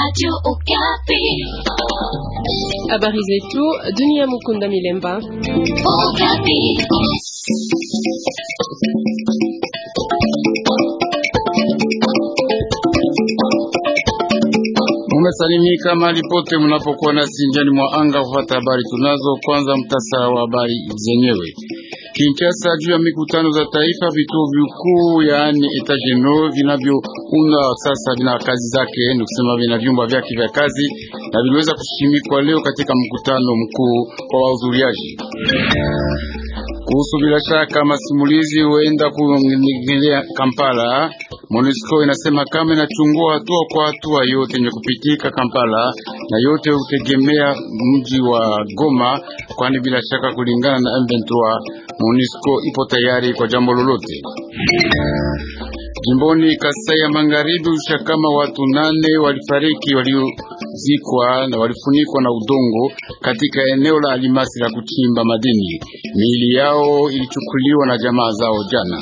Radio Okapi. Habari zetu dunia. Mukunda Milemba. Okapi. Mumesalimika mahali pote mnapokuwa na sinjani mwa anga, kufata habari tunazo. Kwanza mtasara wa habari zenyewe. Kinshasa juu ya mikutano za taifa, vituo vikuu yaani etageno vinavyounda sasa vina kazi zake, ni kusema vina vyumba vyake vya kazi na viliweza kushimikwa leo katika mkutano mkuu wa wahudhuriaji kuhusu bila shaka masimulizi huenda kuongelea Kampala. MONUSCO inasema kama inachungua hatua kwa hatua yote yenye kupitika Kampala na yote hutegemea mji wa Goma, kwani bila shaka kulingana na M23 MONUSCO ipo tayari kwa jambo lolote. Jimboni Kasai ya Magharibi ushakama watu nane walifariki waliozikwa na walifunikwa na udongo katika eneo la alimasi la kuchimba madini. Miili yao ilichukuliwa na jamaa zao jana.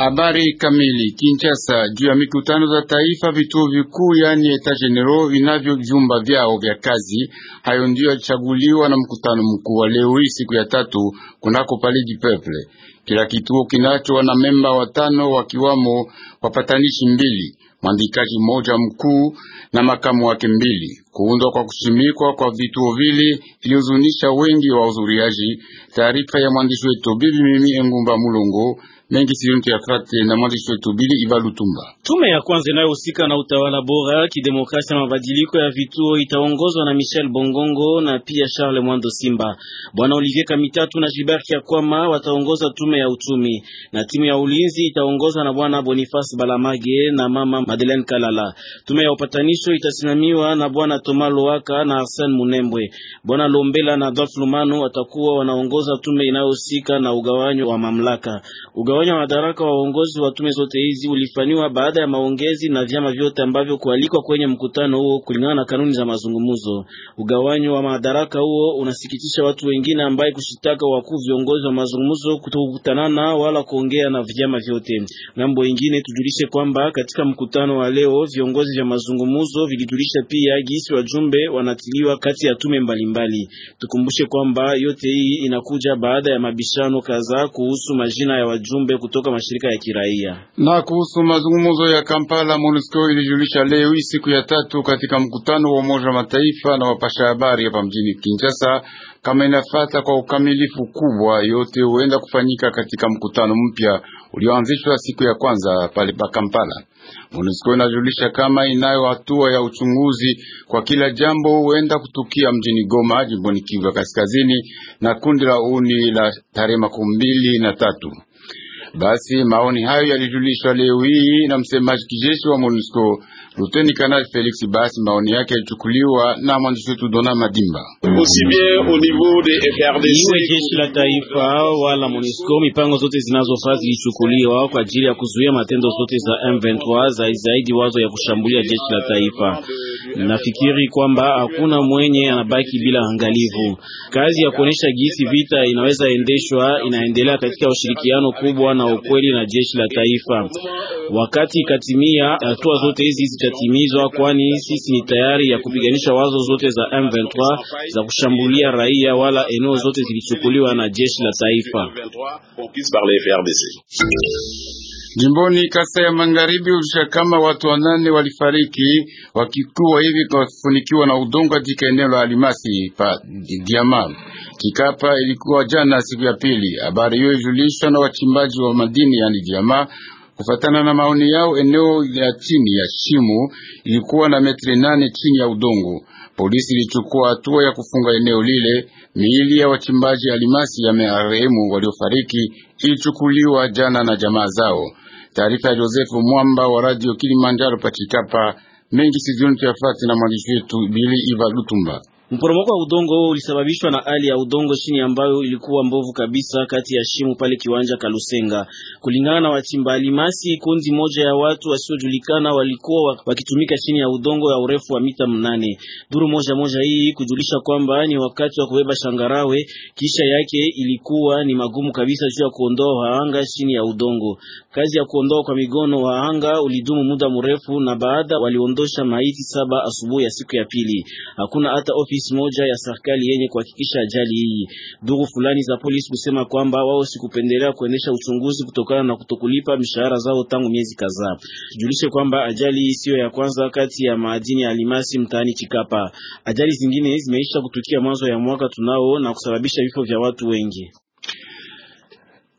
Habari kamili. Kinshasa, juu ya mikutano za taifa, vituo vikuu yaani eta general vinavyo vyumba vyao vya kazi. Hayo ndiyo yachaguliwa na mkutano mkuu wa leo hii siku ya tatu kunako Palais Peuple. Kila kituo kinacho wana memba watano wakiwamo wapatanishi mbili, mwandikaji mmoja mkuu na makamu wake mbili. Kuundwa kwa kusimikwa kwa vituo vile vilihuzunisha wengi wa uzuriaji. Taarifa ya mwandishi wetu Bibi Mimi Engumba Mulongo mengi ya siyontyatrate na mwandishi wetu Bili Ibalutumba. Tume ya kwanza inayohusika na utawala bora kidemokrasia na mabadiliko ya vituo itaongozwa na Michel Bongongo na pia Charles Mwando Simba. Bwana Olivier Kamitatu na Gilbert Kyakwama wataongoza tume ya uchumi na timu ya ulinzi itaongozwa na Bwana Boniface Balamage na Mama Madeleine Kalala. Tume ya upatanisho itasimamiwa na Bwana Thomas Loaka na Hassan Munembwe. Bwana Lombela na Adolf Lumano watakuwa wanaongoza tume inayohusika na ugawanyo wa mamlaka. Ugawanyo wa madaraka wa uongozi wa tume zote hizi ulifanywa baada ya maongezi na vyama vyote ambavyo kualikwa kwenye mkutano huo kulingana na kanuni za mazungumzo. Ugawanyo wa madaraka huo unasikitisha watu wengine ambaye kushitaka wakuu viongozi wa mazungumzo kutokukutanana wala kuongea na vyama vyote. Ngambo ingine tujulishe kwamba katika mkutano wa leo viongozi vya mazungumzo vilijulisha pia gisi wajumbe wanatiliwa kati ya tume mbalimbali. Tukumbushe kwamba yote hii inakuja baada ya mabishano kadhaa kuhusu majina ya wajumbe kutoka mashirika ya kiraia. Na kuhusu mazungumzo ya Kampala, MONUSCO ilijulisha leo siku ya tatu katika mkutano wa Umoja wa Mataifa na wapasha habari hapa mjini Kinshasa kama inafata kwa ukamilifu kubwa. Yote huenda kufanyika katika mkutano mpya ulioanzishwa siku ya kwanza pale pa Kampala. MONUSCO inajulisha kama inayo hatua ya uchunguzi kwa kila jambo huenda kutukia mjini Goma, jimboni Kivu ya Kaskazini, na kundi la uni la tarehe makumi mbili na tatu basi maoni hayo yalijulishwa leo hii na msemaji kijeshi wa MONUSCO Luteni Kanali Felix. Basi maoni yake yalichukuliwa na mwandishi wetu Dona Madimba. Iwe jeshi la taifa wala MONUSCO, mipango zote zinazofaa zilichukuliwa kwa ajili ya kuzuia matendo zote za M23 za zaidi wazo ya kushambulia jeshi la taifa Nafikiri kwamba hakuna mwenye anabaki bila angalivu. Kazi ya kuonesha gisi vita inaweza endeshwa inaendelea katika ushirikiano kubwa na ukweli na jeshi la taifa. Wakati ikatimia, hatua zote hizi zitatimizwa, kwani sisi ni tayari ya kupiganisha wazo zote za M23 za kushambulia raia wala eneo zote zilichukuliwa na jeshi la taifa. Jimboni kasa ya Magharibi ulisha kama watu wanane walifariki wakikuwa hivi kwa kufunikiwa na udongo katika eneo la alimasi pa Diama Kikapa. Ilikuwa jana siku ya pili. Habari hiyo ilijulishwa na wachimbaji wa madini yani Diama. Kufatana na maoni yao, eneo ya chini ya shimu ilikuwa na metri nane chini ya udongo. Polisi ilichukua hatua ya kufunga eneo lile. Miili ya wachimbaji alimasi ya marehemu waliofariki ilichukuliwa jana na jamaa zao. Taarifa ya Josefu Mwamba wa Radio Kilimanjaro Pachikapa mengi sizioni tuyafati na mwandishi wetu Bili Iva Lutumba. Mporomoko wa udongo huo ulisababishwa na hali ya udongo chini ambayo ilikuwa mbovu kabisa kati ya shimo pale kiwanja Kalusenga. Kulingana na wachimba alimasi, kundi moja ya watu wasiojulikana walikuwa wakitumika chini ya udongo ya urefu wa mita mnane. Duru moja moja hii kujulisha kwamba ni wakati wa kubeba shangarawe, kisha yake ilikuwa ni magumu kabisa juu ya kuondoa wahanga chini ya udongo. Kazi ya kuondoa kwa migono wahanga ulidumu muda mrefu, na baada waliondosha maiti saba asubuhi ya siku ya pili. Hakuna hata ofisi moja ya serikali yenye kuhakikisha ajali hii. Duru fulani za polisi kusema kwamba wao sikupendelea kuendesha uchunguzi kutokana na kutokulipa mishahara zao tangu miezi kadhaa. Tujulishe kwamba ajali hii siyo ya kwanza kati ya maadini ya alimasi mtaani Chikapa. Ajali zingine zimeisha kutukia mwanzo ya mwaka tunao na kusababisha vifo vya watu wengi.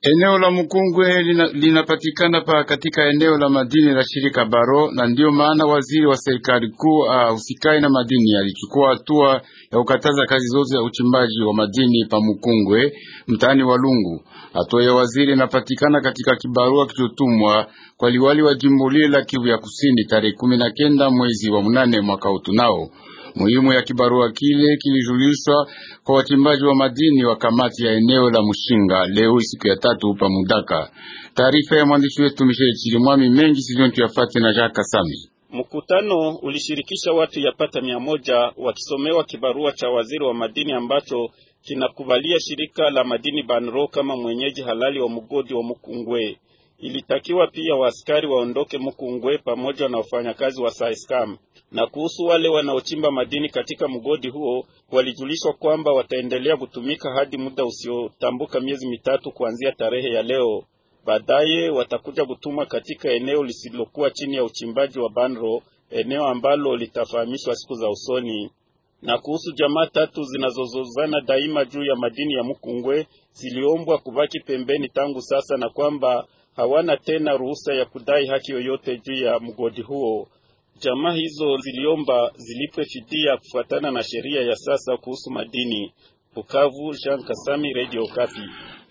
Eneo la Mukungwe linapatikana pa katika eneo la madini la shirika Baro, na ndiyo maana waziri wa serikali kuu ahusikai na madini alichukua hatua ya kukataza kazi zote za uchimbaji wa madini pa Mukungwe mtaani wa Lungu. Hatua ya waziri inapatikana katika kibarua kilichotumwa kwa liwali wa jimbo lile la Kivu ya Kusini tarehe kumi na kenda mwezi wa mnane mwaka utunao muhimu ya kibarua kile kilijulishwa kwa wachimbaji wa madini wa kamati ya eneo la Mushinga leo siku ya tatu pa Mudaka. Taarifa ya mwandishi wetu Michel Chirimwami mengi sizontu yafate na Jaka Sami. Mkutano ulishirikisha watu yapata mia moja wakisomewa kibarua cha waziri wa madini ambacho kinakubalia shirika la madini Banro kama mwenyeji halali wa mgodi wa Mukungwe. Ilitakiwa pia waaskari waondoke Mkungwe pamoja na wafanyakazi wa Saiscam. Na kuhusu wale wanaochimba madini katika mgodi huo, walijulishwa kwamba wataendelea kutumika hadi muda usiotambuka, miezi mitatu kuanzia tarehe ya leo. Baadaye watakuja kutumwa katika eneo lisilokuwa chini ya uchimbaji wa Banro, eneo ambalo litafahamishwa siku za usoni. Na kuhusu jamaa tatu zinazozozana daima juu ya madini ya Mkungwe, ziliombwa kubaki pembeni tangu sasa na kwamba hawana tena ruhusa ya kudai haki yoyote juu ya mgodi huo. Jamaa hizo ziliomba zilipwe fidia kufuatana na sheria ya sasa kuhusu madini. Bukavu, Jean Kasami, Radio Kapi.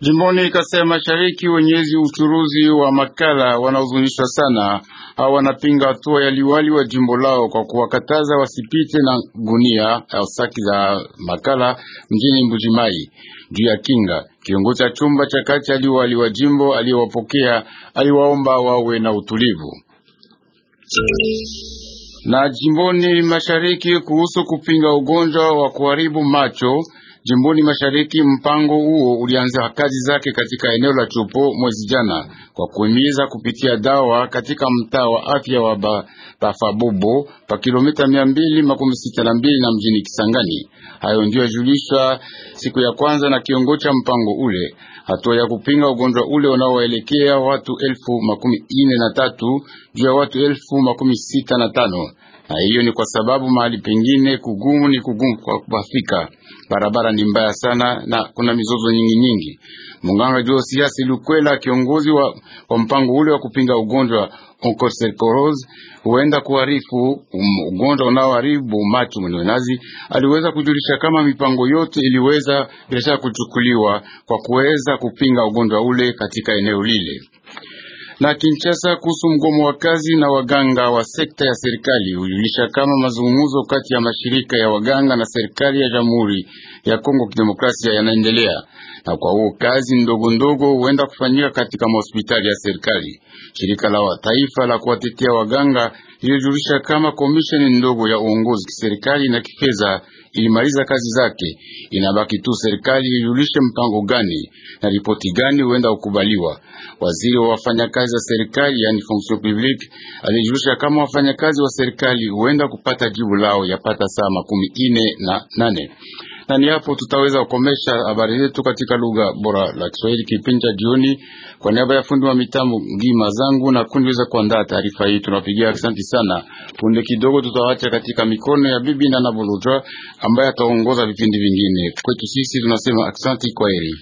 Jimboni Kasai Mashariki, wenyezi uchuruzi wa makala wanaozunishwa sana. Hawa wanapinga hatua ya liwali wa jimbo lao kwa kuwakataza wasipite na gunia au saki za makala mjini Mbujimai juu ya kinga. Kiongozi cha chumba cha kati aliwali wa jimbo aliyewapokea aliwaomba wawe na utulivu na jimboni mashariki kuhusu kupinga ugonjwa wa kuharibu macho Jimboni Mashariki, mpango huo ulianza kazi zake katika eneo la Chopo mwezi jana kwa kuhimiza kupitia dawa katika mtaa wa afya wa Bafabobo pa kilomita mia mbili makumi sita na mbili na mjini Kisangani. Hayo ndio yajulishwa siku ya kwanza na kiongozi cha mpango ule, hatua ya kupinga ugonjwa ule unaoelekea watu elfu makumi ine na tatu juu ya watu elfu makumi sita na tano na hiyo ni kwa sababu mahali pengine kugumu ni kugumu kwa kufika, barabara ni mbaya sana na kuna mizozo nyingi nyingi. Munganga Josias Lukwela, kiongozi wa, wa mpango ule wa kupinga ugonjwa onkoserkorose huenda kuharifu um, ugonjwa unaoharibu macho mneonazi, aliweza kujulisha kama mipango yote iliweza bila shaka kuchukuliwa kwa kuweza kupinga ugonjwa ule katika eneo lile na Kinshasa kuhusu mgomo wa kazi na waganga wa sekta ya serikali ulijulisha kama mazungumzo kati ya mashirika ya waganga na serikali ya Jamhuri ya Kongo Kidemokrasia yanaendelea, na kwa huo kazi ndogo ndogo huenda kufanyika katika mahospitali ya serikali. Shirika la taifa la kuwatetea waganga iliyojulisha kama komisheni ndogo ya uongozi kiserikali na kifedha ilimaliza kazi zake. Inabaki tu serikali ijulishe mpango gani na ripoti gani huenda kukubaliwa. Waziri wa wafanyakazi wa serikali, yani fonction publique, alijulisha kama wafanyakazi wa serikali huenda kupata jibu lao yapata saa makumi ine na nane na ni hapo tutaweza kukomesha habari zetu katika lugha bora la Kiswahili kipindi cha jioni. Kwa niaba ya fundi wa mitambo ngima zangu na kundi weza kuandaa taarifa hii, tunapigia asante sana. Punde kidogo tutawaacha katika mikono ya bibi na Nabulutwa ambaye ataongoza vipindi vingine. Kwetu sisi tunasema asante, kwaheri.